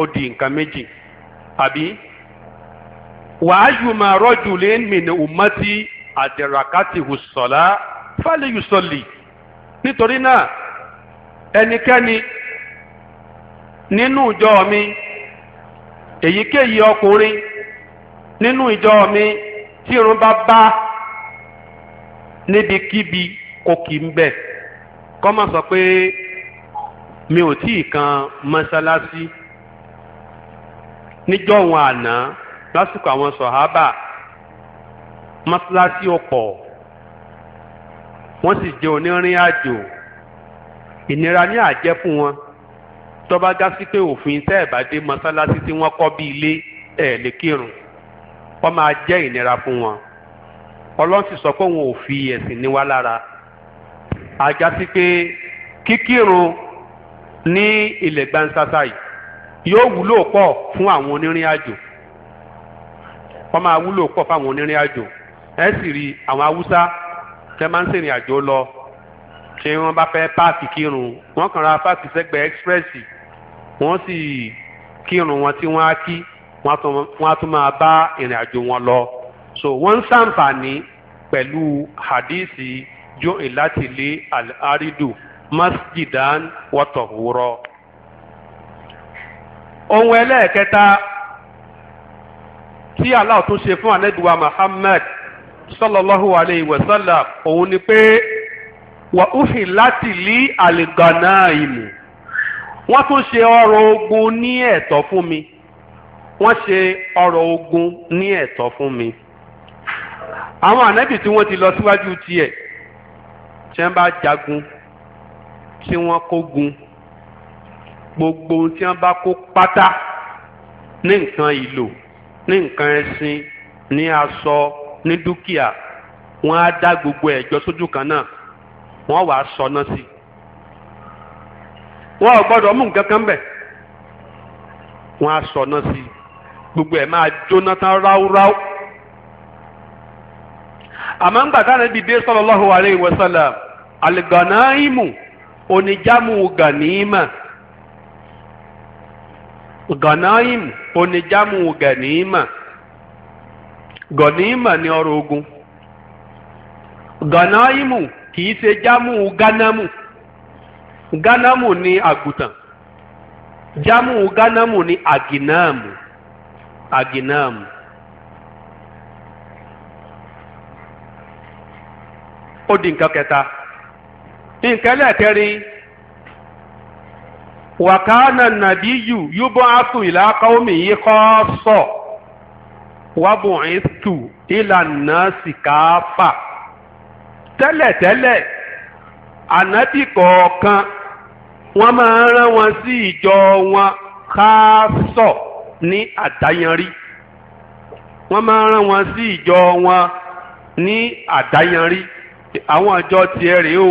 ó di nǹkan méjì àbí wàáyù máa rọ́jù lé mìíràn ùmọ́tí àdẹ̀ràkátì hùsọ̀lá fàlẹ́yùsọ̀lì nítorí náà ẹnikẹ́ni nínú ìjọ mi èyíkéyìí ọkùnrin nínú ìjọ mi tí irun bá bá níbikíbi kò kì í kọ́ máa sọ pé mi ò tí ì kan mọ́sálásí. níjọ́ òun àná lásìkò àwọn sọ̀hábà mọ́sálásí ọ̀pọ̀ wọ́n sì jẹ́ onírìn àjò ìnira ní àjẹ́ fún wọn tó bá já sí pé òfin tẹ́ ẹ̀ bá dé mọ́sálásí tí wọ́n kọ́ bí ilé ẹ̀ lè kírun wọ́n máa jẹ́ ìnira fún wọn ọlọ́run sì sọ pé òun ò fi ẹ̀sìn ní lára àjá sí pé kíkírun ní ilẹ̀ gbansasa yìí yóò wúlò pọ̀ fún àwọn onírìn àjò wọ́n máa wúlò pọ̀ fún àwọn onírìn àjò ẹ sì rí àwọn haúsá tẹ́ máa ń ṣèrìn àjò lọ ṣé wọ́n bá fẹ́ páàkì kírun wọ́n kàn ra páàkì sẹ́gbẹ̀ẹ́ ẹ́kspírẹ́sì wọ́n sì kírun wọn tí wọ́n á kí wọ́n á tún máa bá ìrìn àjò wọn lọ so wọ́n ń ṣàǹfààní pẹ̀lú hadisi jo ìlàtìlé al-aridu masjidan wa tahura ohun ẹlẹ́ẹ̀kẹta tí Allah tó ṣe fún anẹ́dùwà Muhammad sallallahu alayhi wa sallam òun ni pé wà úhì láti lí àlìgànnà ìmù wọ́n tún ṣe ọrọ̀ ogun ní ẹ̀tọ́ fún mi wọ́n ṣe ọrọ̀ ogun ní ẹ̀tọ́ fún mi àwọn ànábì tí wọ́n ti lọ síwájú tiẹ̀ tí wọ́n bá jagun tí wọ́n kógun gbogbo ohun tí bá kó pátá ní nǹkan ìlò ní nǹkan ẹṣin ní aṣọ ní dúkìá wọ́n á dá gbogbo ẹ̀jọ́ sójú kan náà wọ́n wàá sọná sí wọ́n ò gbọ́dọ̀ mú nǹkan kan bẹ̀ wọ́n á sọná sí gbogbo ẹ̀ máa jóná tán ráúráú àmọ́ ńgbà ghanaim onijamu ganima ganima ni ogun ghanaim kìí ṣe jamu ganamu ganamu ni agutan jamu ganamu ni aginaamu aginaamu ó di nǹkan kẹta nǹkan lẹ́ẹ̀kẹrin. wàkánà nàbíyù yúbọ àtù ìlà káwọmì yìí kọ sọ wàbùn ìtù ìlànà sìkáfà tẹ́lẹ̀tẹ́lẹ̀ ànábì kọ̀ọ̀kan wọ́n máa ń rán wọn sí ìjọ wọn káàsọ̀ ní àdáyanrí wọ́n máa ń rán wọn sí ìjọ wọn ní àdáyanrí àwọn ìjọ tiẹ̀ rèé o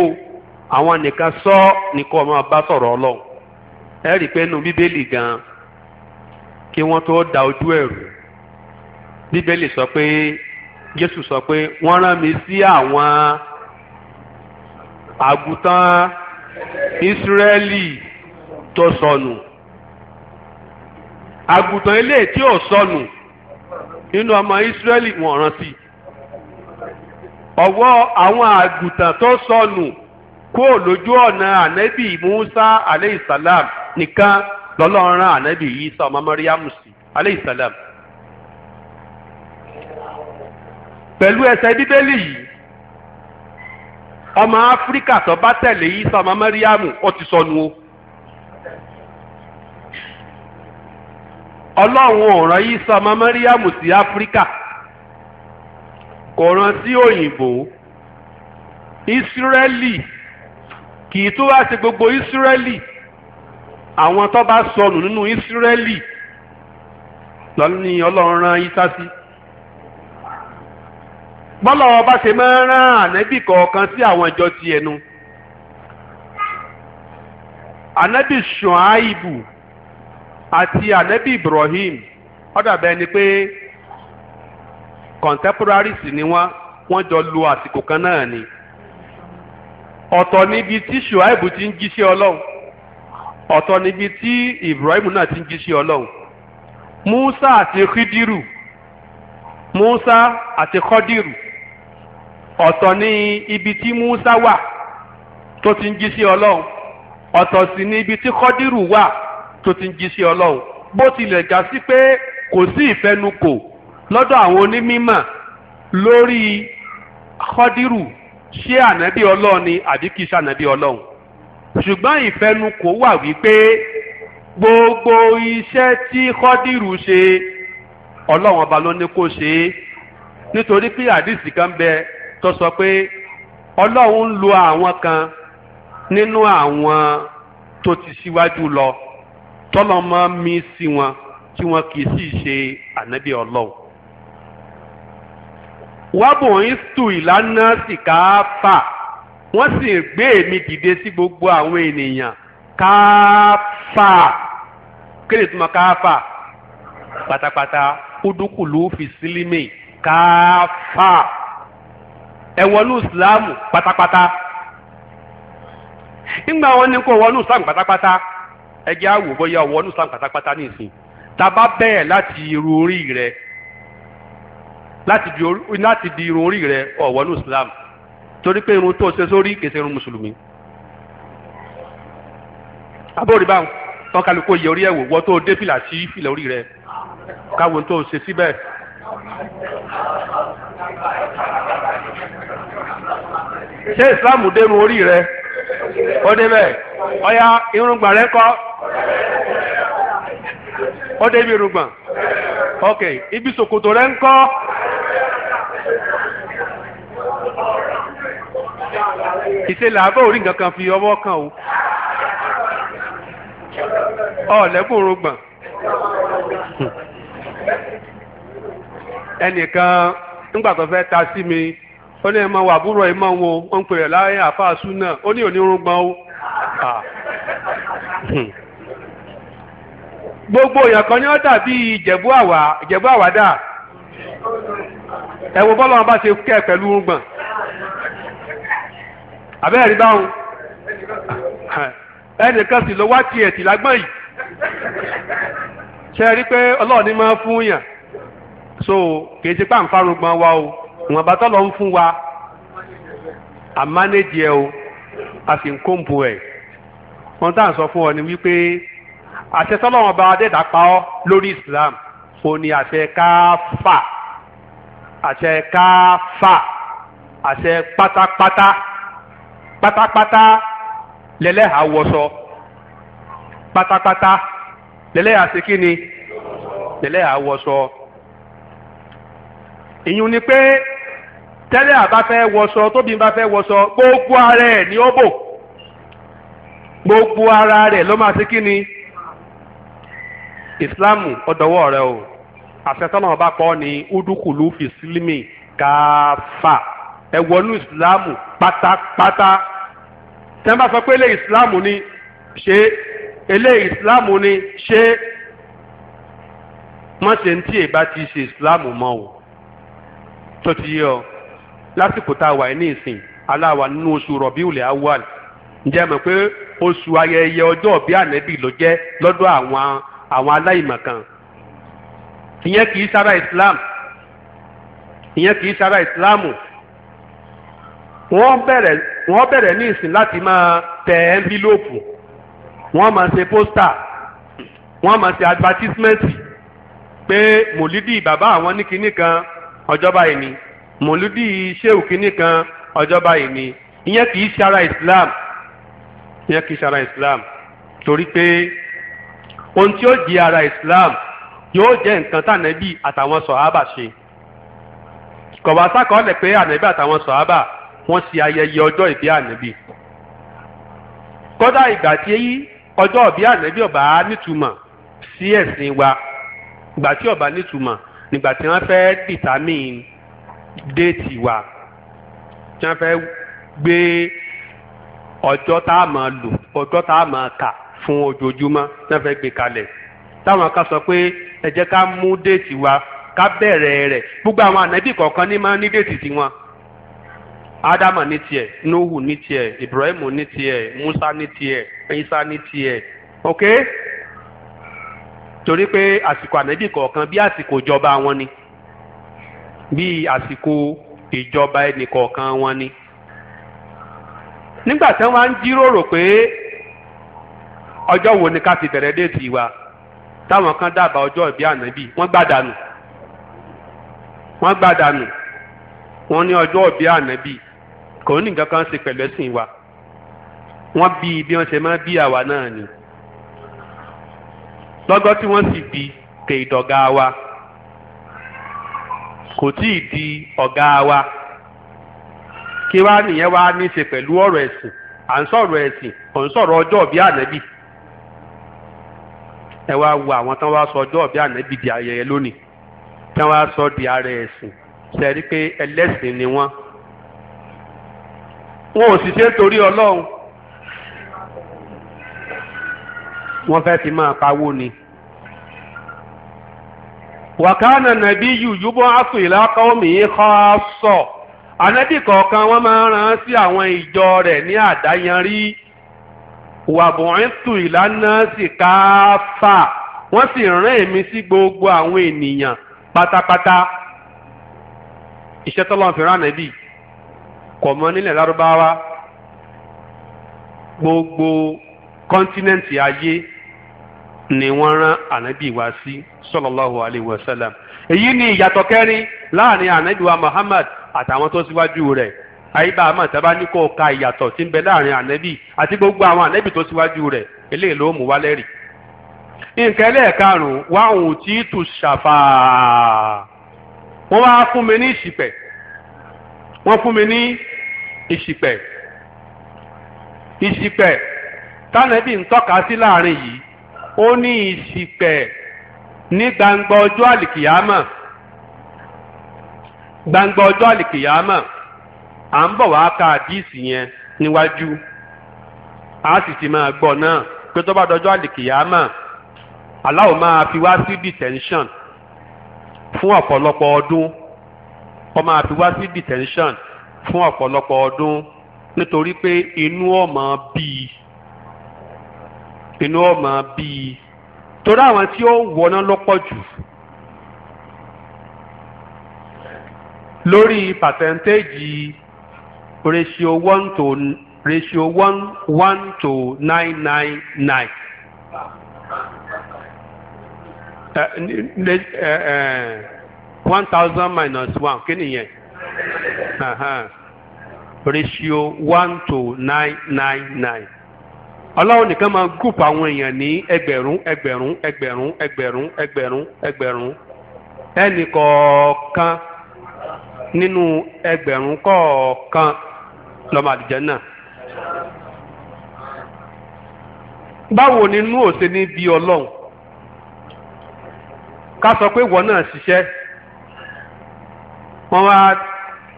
àwọn nìkan sọ nìkan ọmọ bá sọ̀rọ̀ ọlọ́run ẹ rí i pé nínú bíbélì gan kí wọ́n tó da ojú ẹ̀rù bíbélì sọ pé Jésù sọ pé wọ́n rán mi sí àwọn àgùntàn Ísírẹ́lì tó sọnù àgùntàn ilé tí ò sọnù nínú ọmọ Ísírẹ́lì wọ́n rán sí ọwọ́ àwọn àgùntàn tó sọnù kó lójú ọ̀nà ànẹ́bì Musa aleyhisalam nìkan lọ́lọ́run rán ànábì Ìsá ọmọ Màríyámù sí aleyhi salam. pẹ̀lú ẹsẹ̀ bíbélì yìí ọmọ áfíríkà tó bá tẹ̀lé Ìsá ọmọ Màríyámù ó ti sọnù o. ọlọ́run ò yìí Ìsá ọmọ Màríyámù sí áfíríkà kò rán sí òyìnbó ìsírẹ́lì kì í tó wá sí gbogbo ìsírẹ́lì àwọn tó bá sọnù nínú Ísírẹ́lì lọ́ní ọlọ́run rán yísá sí. bọ́lá ọba ṣe máa ń rán ànẹ́bì kọ̀ọ̀kan sí àwọn ìjọ ti ẹnu. ànẹ́bì ṣùáìbù àti ànẹ́bì Ibrahim ó dà bẹ́ẹ̀ ni pé contemporaries ni wọ́n wọ́n jọ lo àsìkò kan náà ni. ọ̀tọ̀ níbi tí ṣùáìbù ti ń jíṣẹ́ ọlọ́run ọ̀tọ̀ níbi tí Ibrahim náà ti ń jíṣẹ́ Ọlọ́run Musa àti Khidiru Musa àti Khadiru ọ̀tọ̀ ní ibi tí Musa wà tó ti ń jíṣẹ́ Ọlọ́run ọ̀tọ̀ sì ní ibi tí Khadiru wà tó ti ń jíṣẹ́ Ọlọ́run bó tilẹ̀ já sí pé kò sí ìfẹnukò lọ́dọ̀ àwọn onímọ̀ lórí Khadiru ṣé ànábì Ọlọ́run ni àbí kìí ṣànábì Ọlọ́run ṣùgbọ́n ìfẹnukò wà wípé gbogbo iṣẹ́ tí kọ́dírù ṣe ọlọ́run ọba ló ní kó ṣe é nítorí pé àdìsí kan bẹ tó sọ pé ọlọ́run ń lo àwọn kan nínú àwọn tó ti síwájú lọ tọ́lọ́mọ mi sí wọn tí wọn kì í sì ṣe ànábì ọlọ́run. wábùn ìstù ìlànà sìkáfà. Si wọ́n sì gbé èmi dìde sí gbogbo àwọn ènìyàn káfà kéde tó mọ káfà pátápátá kúdúkùlù fi sílímì káfà ẹ wọnú ìsìlámù pátápátá nígbà wọn ní kó wọnú ìsìlámù pátápátá ẹ jẹ́ àwò bóyá wọnú ìsìlámù pátápátá nìsín tàbá bẹ́ẹ̀ láti irun orí rẹ láti di irun orí rẹ ọ̀wọ́nú ìsìlámù. torí pé irun tó ṣe sórí kèsè irun mùsùlùmí abóòrí báwọn tọ́kálukó yẹ orí ẹ̀ wò wọ́n tó dé fìlà sí fìlà orí rẹ̀ káwọn tó ṣe síbẹ̀. ṣé ìsìláàmù dé irun orí rẹ̀ ó débẹ̀ ọ̀ya irungba rẹ̀ kọ́ ó débi irungba ok ibi ṣòkòtò rẹ̀ ń kọ́. se làbọ̀ ori nǹkan kan fi ọwọ́ kan o ọ̀lẹ́kùn rògbọ̀n ẹnìkan nígbà tó ta sí mi ó ní ẹ̀mọ́ wàbúrò ẹ̀mọ́ wo wọ́n ń pè é láyé àfáà o o gbogbo èèyàn ni ọ dàbí ìjẹ̀bú àwà ìjẹ̀bú àwàdà abẹ́ ẹ̀rí báwọn ẹnìkan sì lọ wá tiẹ̀ tì lágbọ́n yìí ṣe rí pé ọlọ́run ní máa fún yàn so kì í ṣe pàǹfààrọ̀ gbọ́n wa o ìwọ̀n bá tọ́lọ̀ ń fún wa a mánéjì ẹ o a sì ń kóńpù ẹ̀ wọ́n tá sọ fún ọ ni wípé àṣẹ tọ́lọ́run ọba adẹ́dà pa ọ́ lórí Islam o ní àṣẹ káfà àṣẹ káfà àṣẹ pátápátá. pátápátá lẹ́lẹ́hàá wọṣọ pátápátá lẹ́lẹ́hàá ṣe kí ni lẹ́lẹ́hàá wọṣọ. ìyún ni pé tẹ́lẹ̀ àbá wọsọ wọṣọ tóbi bá gbogbo ara ẹ̀ ni ó bò gbogbo ara rẹ̀ ló máa ṣe kí ni ìsìláàmù rẹ o àṣẹ tọ́nà ọba kọ́ ni udukulu fìsílímì káfà. ẹ wọnú ìsìláàmù pátápátá tẹ́ ń bá sọ pé ilé ìsìláàmù ni ṣe ilé ìsìláàmù ni ṣe má ṣe ń tí ì bá ti ṣe ìsìláàmù mọ́ o tó ti yé ọ lásìkò tá a wà ní ìsìn aláwa nínú oṣù rọ̀bíùlẹ̀ awal ǹjẹ́ mọ̀ pé oṣù ayẹyẹ ọjọ́ bíi ànẹ́bí ló jẹ́ lọ́dọ̀ àwọn àwọn aláìmọ̀kan ìyẹn kì í sára Islam ìyẹn kì í sára Islamu wọ́n bẹ̀rẹ̀ wọ́n bẹ̀rẹ̀ ní ìsìn láti máa tẹ ẹ́ńbílòpù wọ́n máa ṣe pósítà wọ́n máa ṣe advertisementi pé mòlídì bàbá àwọn ní kinní kan ọjọ́ba ìní mòlídì ṣéwù kinní kan ọjọ́ba ìní ìyẹn kì í ṣe Islam ìyẹn kì í ṣe Islam torí pé ohun tí ó di ara Islam yóò jẹ́ nǹkan tànẹ́bí àtàwọn sọ̀hábà ṣe kọ̀wá sákọ̀ọ́lẹ̀ pé ànẹ́bí àtàwọn sọ̀hábà wọ́n ṣe ayẹyẹ ọjọ́ ìbí ànábì kódà ìgbà tí ọjọ́ ìbí ànábì ò bá nítumọ̀ sí ẹ̀sìn wa ìgbà tí ò bá nítumọ̀ nígbà tí wọ́n fẹ́ dìtámìn déètì wa tí wọ́n fẹ́ gbé ọjọ́ tá a máa lò ọjọ́ tá a máa kà fún ojoojúmọ́ tí wọ́n fẹ́ gbé kalẹ̀ táwọn kan sọ pé ẹ jẹ́ ká mú déètì wa ká bẹ̀rẹ̀ rẹ̀ gbogbo àwọn ànábì kọ̀ọ̀kan ní máa ní déètì tiwọn ádámà ní tiẹ̀ nóhù ní tiẹ̀ ibrahim ní tiẹ̀ musa ní tiẹ̀ isa ní tiẹ̀ ok torí pé àsìkò ànábì kọ̀ọ̀kan bí àsìkò ìjọba wọn ni bí àsìkò ìjọba ẹnì kọ̀ọ̀kan wọn ni nígbà tí wọ́n á ń jíròrò pé ọjọ́ wo ni ká ti bẹ̀rẹ̀ déètì wa táwọn kan dábàá ọjọ́ ìbí ànábì wọ́n gbàdánù wọ́n gbàdánù wọ́n ní ọjọ́ ìbí ànábì kò ní nǹkan kan ṣe pẹ̀lú ẹ̀sìn wa wọ́n bí bí wọ́n ṣe máa bí àwa náà ni lọ́gọ́ tí wọ́n sì bí kè ìdọ̀gá wa kò tí ì di ọ̀gá wa kí wá nìyẹn wá ní í ṣe pẹ̀lú ọ̀rọ̀ ẹ̀sìn à ń sọ̀rọ̀ ẹ̀sìn kò ń sọ̀rọ̀ ọjọ́ bí ànábì ẹ wá wo àwọn tán wá sọ ọjọ́ bí ànábì di ayẹyẹ lónìí tán wá sọ di ara ẹ̀sìn ṣe rí pé ẹlẹ́sìn ni wọ́n wọn ò sì ṣe torí ọlọ́run wọ́n fẹ́ ti máa pawó ni. wàkánà nàbí yùyúbọ àtúnyìlá kọ́ọ̀mì kọ́ sọ ànábì kọ̀ọ̀kan wọ́n máa rán sí àwọn ìjọ rẹ̀ ní àdáyanrí wàbùrìntù ìlànà sì káfà wọ́n sì rán èmi sí gbogbo àwọn ènìyàn pátápátá iṣẹ́ tọ́lọ́run fi rán ànábì kọ̀mọ nílẹ̀ lárúbáwá gbogbo kọ́ńtínẹ́ǹtì ayé ni wọ́n rán ànábì wá sí sallallahu alayhi wa èyí ni ìyàtọ̀ kẹrin láàrin ànábì wa Muhammad àtàwọn tó síwájú rẹ̀ àyíbá àmọ̀tẹ́bá ní kó ka ìyàtọ̀ tí ń bẹ láàrin ànábì àti gbogbo àwọn ànábì tó síwájú rẹ̀ eléyìí ló mú wálẹ̀ rì. nǹkan ẹlẹ́ẹ̀karùn-ún wá òun tí tù ṣàfà wọ́n wá fún mi ní ìṣìpẹ̀ wọ́n fún mi ní ìṣìpẹ̀ ìṣìpẹ̀ tánẹ́bì ń tọ́ka sí láàrin yìí ó ní ìṣìpẹ̀ ní gbangba ọjọ́ àlìkìyámọ̀ gbangba ọjọ́ àlìkìyámọ̀ à ń bọ̀ wá ka àdíìsì yẹn níwájú a sì ti máa gbọ́ náà pé tó bá dọjọ́ àlìkìyámọ̀ aláwo máa fi wá sí detention fún ọ̀pọ̀lọpọ̀ ọdún ó máa fi wá sí detention fún ọ̀pọ̀lọpọ̀ ọdún nítorí pé inú ọmọ bíi inú ọmọ bíi torí àwọn tí ó wọná lọ́pọ̀ jù lórí pàtẹ́ńtéèjì ratio one to ratio one one to nine nine nine one thousand minus one kí nìyẹn ratio one to nine nine nine ọlọ́run nìkan máa gúùpù àwọn èèyàn ní ẹgbẹ̀rún ẹgbẹ̀rún ẹgbẹ̀rún ẹgbẹ̀rún ẹgbẹ̀rún ẹgbẹ̀rún ẹnì kọ̀ọ̀kan nínú ẹgbẹ̀rún kọ̀ọ̀kan lọ́mọ àdìjẹ́ náà. báwo ni inú òsè ní bí ọlọ́run ká sọ pé ìwọ náà ṣiṣẹ́ wọ́n wá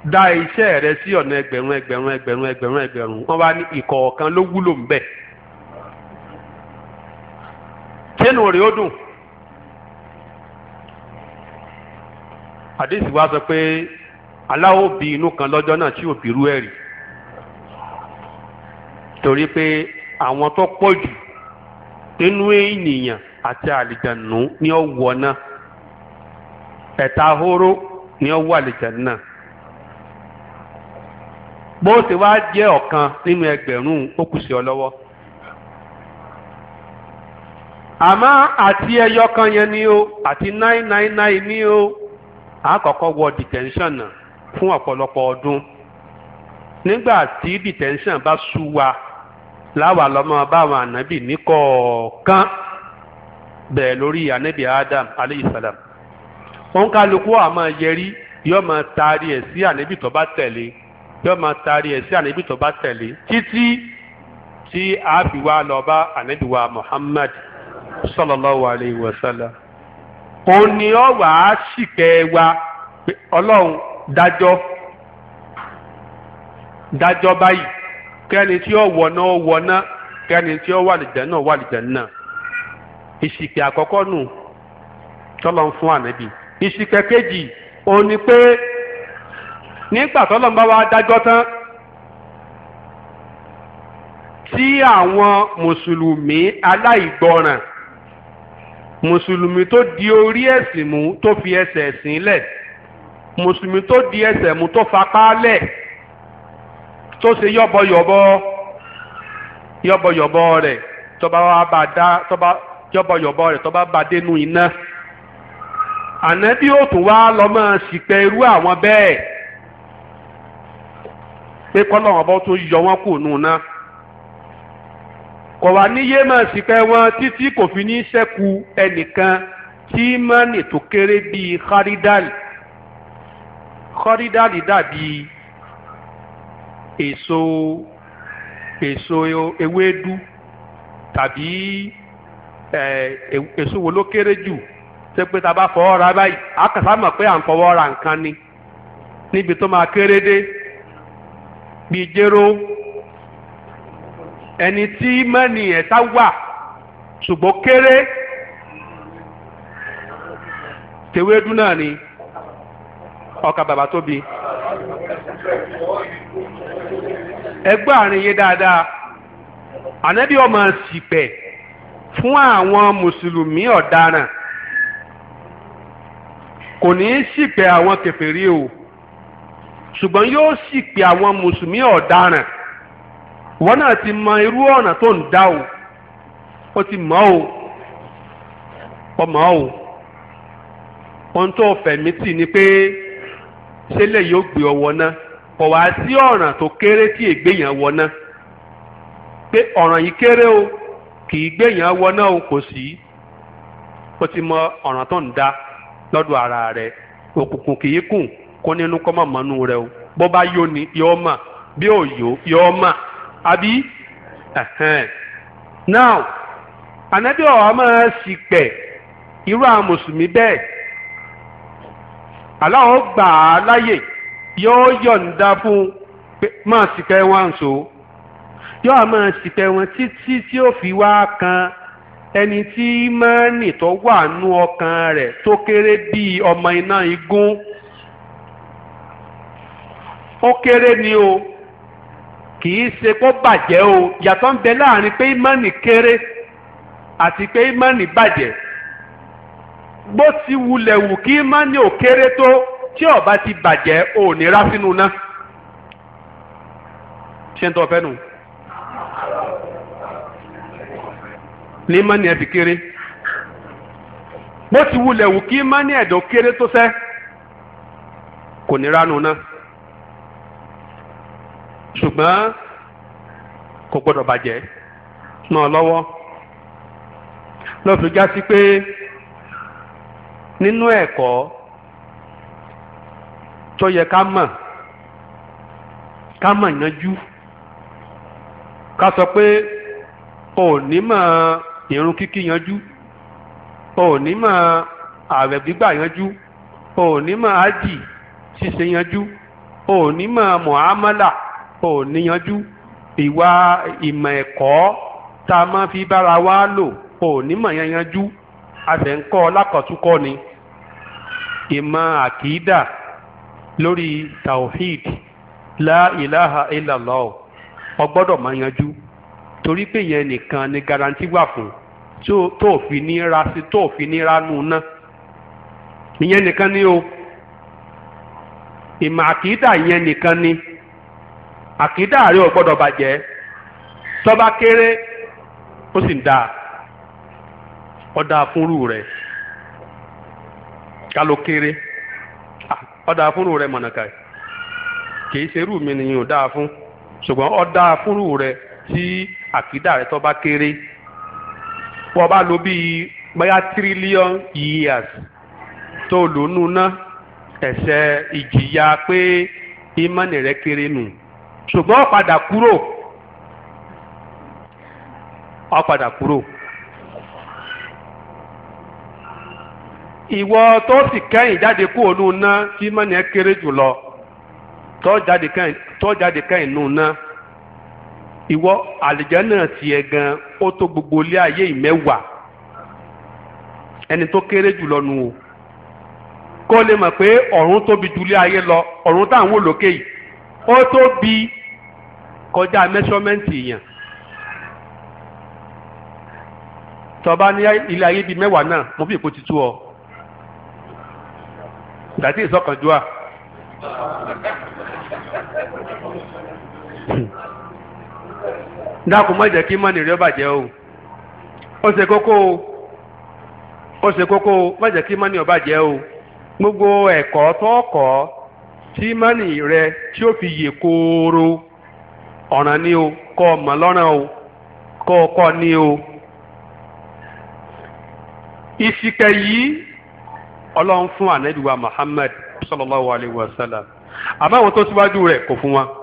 da iṣẹ́ rẹ sí ọ̀nà ẹgbẹ̀rún ẹgbẹ̀rún ẹgbẹ̀rún ẹgbẹ̀rún ẹgbẹ̀rún wọ́n wá ní ìkọ̀ọ̀kan ló wúlò ń bẹ̀. kínú ó dùn. àdéhùn wa sọ pé aláwo bí inú kan lọ́jọ́ náà tí ò torí pé àwọn tó pọ̀ jù nínú ènìyàn àti ni ó wọ̀ náà ni ó bó ti wá jẹ́ ọ̀kan nínú ẹgbẹ̀rún ó kù sí ọ lọ́wọ́ àmọ́ àti ẹyọ kan yẹn ni o àti nine nine nine ni o àkọ́kọ́ wọ detention náà fún ọ̀pọ̀lọpọ̀ ọdún nígbà tí detention bá sú wa láwa lọ́mọ báwọn ànábì níkọ̀ọ̀kan bẹ̀rẹ̀ lórí ànábì Adam aleyhi salam òun kálukú àmọ́ yẹrí yóò máa taari ẹ̀ sí ànábì tó bá tẹ̀lé yóò ma taari ẹ̀ sí ànábì tó bá tẹ̀lé títí tí a fi wá lọ bá ànábì wa Muhammad sallallahu alayhi wa sallam òun ni ọ wà á ṣìkẹ́ wa ọlọ́run dájọ́ dájọ́ báyìí kẹ́ni tí ó wọ̀nà ó wọ̀nà kẹ́ni tí ó wà lìjẹ́ náà wà lìjẹ́ náà àkọ́kọ́ nù fún ànábì kejì ni pé nígbà tó lọ́nba wa dájọ́ tán tí àwọn mùsùlùmí aláìgbọràn mùsùlùmí tó di orí ẹ̀sìn mú tó fi ẹsẹ̀ ẹ̀sìn lẹ̀ mùsùlùmí tó di ẹsẹ̀ mú tó fapá lẹ̀ tó ṣe yọ̀bọ̀yọ̀bọ̀ yọ̀bọ̀yọ̀bọ̀ rẹ̀ tọ́ba wa bá dá tọ́ba yọ̀bọ̀yọ̀bọ̀ rẹ̀ tọ́ba bá dénú iná ànábì ó tún wá lọ máa irú àwọn bẹ́ẹ̀ pé kọ́lọ́wọ́n bá tó yọ wọ́n kù nù náà kò wá níyé máa sì pẹ́ wọn títí kò fi ní sẹ́kù ẹnìkan tí mọ́nì tó kéré bíi kọ́rídàlì kọ́rídàlì dàbí èso èso ewédú tàbí èso wo ló kéré jù ṣé pé tá a bá fọwọ́ ra báyìí a mọ̀ pé à ń fọwọ́ ra nǹkan ni níbi tó máa kéré dé bíi jéró ẹni tí mọ́ni ẹ̀ tá wà ṣùgbọ́n kéré tewédú náà ni ọkà bàbá tóbi ẹgbẹ́ àárín yé dáadáa ànábì ọmọ ṣìpẹ̀ fún àwọn mùsùlùmí ọ̀daràn kò ní í ṣìpẹ̀ àwọn kèfèrí o. ṣùgbọ́n yóò sì pè àwọn mùsùlùmí ọ̀daràn wọn náà ti mọ irú ọ̀nà tó ń dá o ó ti mo o ó mo o ohun tó fẹ̀mí tì ni pé ṣé lè yóò gbé ọwọ́ náà kò wá sí ọ̀nà tó kéré tí ègbéyàn wọ náà pé ọ̀ràn yìí kéré o kì í gbéyàn wọ náà o kò sí ó ti mọ oran tó ń dá lọ́dọ̀ ara re. òkùnkùn kì í kùn. kó nínú kọ́ ma mọ́nú rẹ o bó bá yó ni yọ mà bí ò yó yọ mà àbí now ànábì ọ̀hà máa sì pẹ̀ irú àwọn mùsùlùmí bẹ́ẹ̀ aláwọ̀ gbà á láyè yọ yọ̀ǹda fún pé máa sì pẹ́ wọn so yóò á máa sì pẹ́ wọn títí tí ó fi wá kan ẹni tí mọ́nì tó wà nú ọkàn rẹ̀ tó kéré bíi ọmọ iná igún. ó kéré ni o kì í ṣe kó bàjẹ́ o yàtọ̀ ń bẹ láàrin pé ìmánì kéré àti pé ìmánì bàjẹ́ bó ti wulẹ̀ wù kí ìmánì ò kéré tó tí ó ti bàjẹ́ ò ní rá sínú ṣé ń tọ́ fẹ́ ní ẹ̀ fi kéré bó ti wulẹ̀ wù kí ìmánì ẹ̀dọ̀ kéré tó sẹ́ kò ní ránu ṣùgbọ́n kò gbọ́dọ̀ bàjẹ́ náà lọ́wọ́ lọ́ọ́ fi já sí pé nínú ẹ̀kọ́ tó yẹ ká mọ̀ ká mọ̀ yanjú ká sọ pé o ò ní mọ̀ irun kíkí yanjú o ò ní mọ̀ ààwẹ̀ gbígbà yanjú o ò ní mọ̀ ájì ṣíṣe yanjú o ò ní mọ̀ mọ̀ámálà. ò níyanjú ìwà ìmọ̀ ẹ̀kọ́ tá a máa fi bára wa lò ò nímọ̀ yanjú a sì ni ìmọ̀ akida lórí taohid la ilaha illallah ó gbọ́dọ̀ máa yanjú torí pé yẹn nìkan ni garanti wà fún tó fi ní ra sí tó fi ní nù náà ìyẹn nìkan ni o ìmọ̀ àkìídà yẹn nìkan ni. àkídà rẹ ò gbọ́dọ̀ bàjẹ́ tọ́ba kéré ó sì ń dáa ọ̀dà fúnrú rẹ̀ ká ló kéré ọ̀dà fúnrú rẹ̀ mọ̀nàkà kìí ṣerú mi nìyẹn ò dáa fún ṣùgbọ́n ọ̀dà fúnrú tí lo bíi bóyá tírílíọ̀n years tó lò nù ná ẹ̀sẹ̀ ìjìyà pé ìmọ̀nì kere kéré ṣùgbọ́n ó padà kúrò ó padà kúrò ìwọ tó sì kẹ́yìn jáde kú ònú ná tí mọ́ni ẹ kéré jùlọ tó jáde kẹ́yìn nù ná ìwọ àlìjánà tiẹ̀ gan ó tó gbogbo ilé ayé ìmẹ́wàá ẹni tó kéré jùlọ nù o kó lè mọ̀ pé ọ̀run tóbi ju ilé ayé lọ ọ̀run táwọn olókè yìí ó tó bi kọjá mẹ́sọ́mẹ́ǹtì yẹn tọba ní ilé ayé bíi mẹ́wàá náà mo fi èkó ti tú ọ dàtí ìsọkànjúà dákun má jẹ́ kí mọ́nì rẹ bàjẹ́ o ó ṣe kókó o ó ṣe kókó o má kí bàjẹ́ o gbogbo ẹ̀kọ́ tó kọ́ tí rẹ tí ó fi ọ̀ràn ni o kọ́ ọ mọ̀ lọ́ràn o kọ́ ọ kọ́ ni o. ìfìkẹ́ yìí ọlọ́run fún ànábì wa Muhammad sallallahu alayhi wa sallam àmọ́ àwọn tó síwájú rẹ̀ kò fún wa.